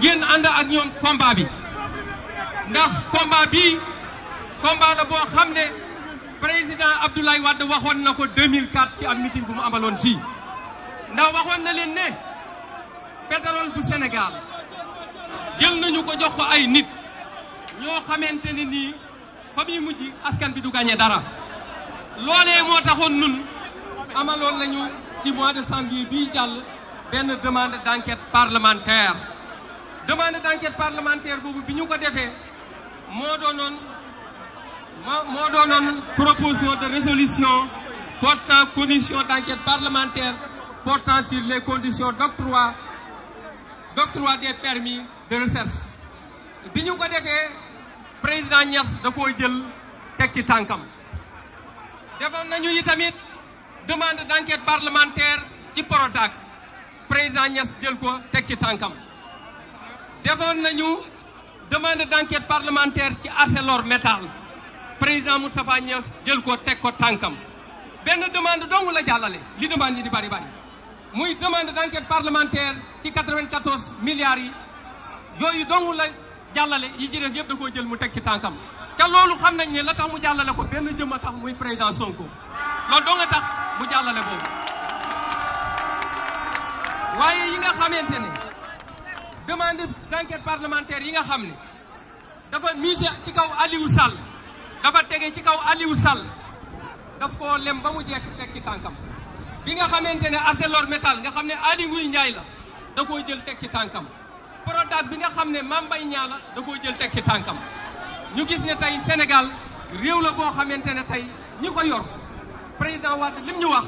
ngeen anda ak ñoom combat bi ndax combat bi combat la bo xamne president Abdoulaye Wade waxon nako 2004 ci am meeting bu mu amalon ci ndax waxon na len ne pétrole du Sénégal jël nañu ko jox ko ay nit ño xamanteni ni mujj askan bi du gagné dara lolé mo nun amalon lañu ci mois de janvier bi jall ben demande d'enquête parlementaire demande d'enquête parlementaire vous, vous, ñu ko proposition de résolution portant condition d'enquête parlementaire portant sur les conditions d'octroi d'octroi des permis de recherche vous, vous ko défé président Niass da koy jël tek ci tankam defoon nañu fait demande d'enquête parlementaire ci Prodac président Niass jël ko tek ci defoon nañu demande d'enquête parlementaire ci Arcelor Métal président Moustapha Niass jël ko teg ko tànkam benn demande dong la jàllale li demande yi di bari bari muy demande d'enquête parlementaire ci 94 milliards yi yooyu dong la jàllale yi ci des yëpp da koo jël mu teg ci tànkam ca loolu xam nañ ne la tax mu jàllale ko benn jëmm a tax muy président Sonko loolu doo nga tax mu jàllale boobu waaye yi nga xamante ne demande d'enquête parlementaire yi nga xam dafa mise ci kaw Aliou Sall dafa tégué ci kaw Aliou Sall daf ko lem ba mu jékk tek ci tankam bi nga xamante arcelor metal nga xamné ali Aly Ngouille la da koy jël tek ci tankam Prodac bi nga xamné ne Mame Mbaye la da koy jël tek ci tankam ñu gis né tay Sénégal réew la bo xamante tay tey ñi ko yor président Wade lim ñu wax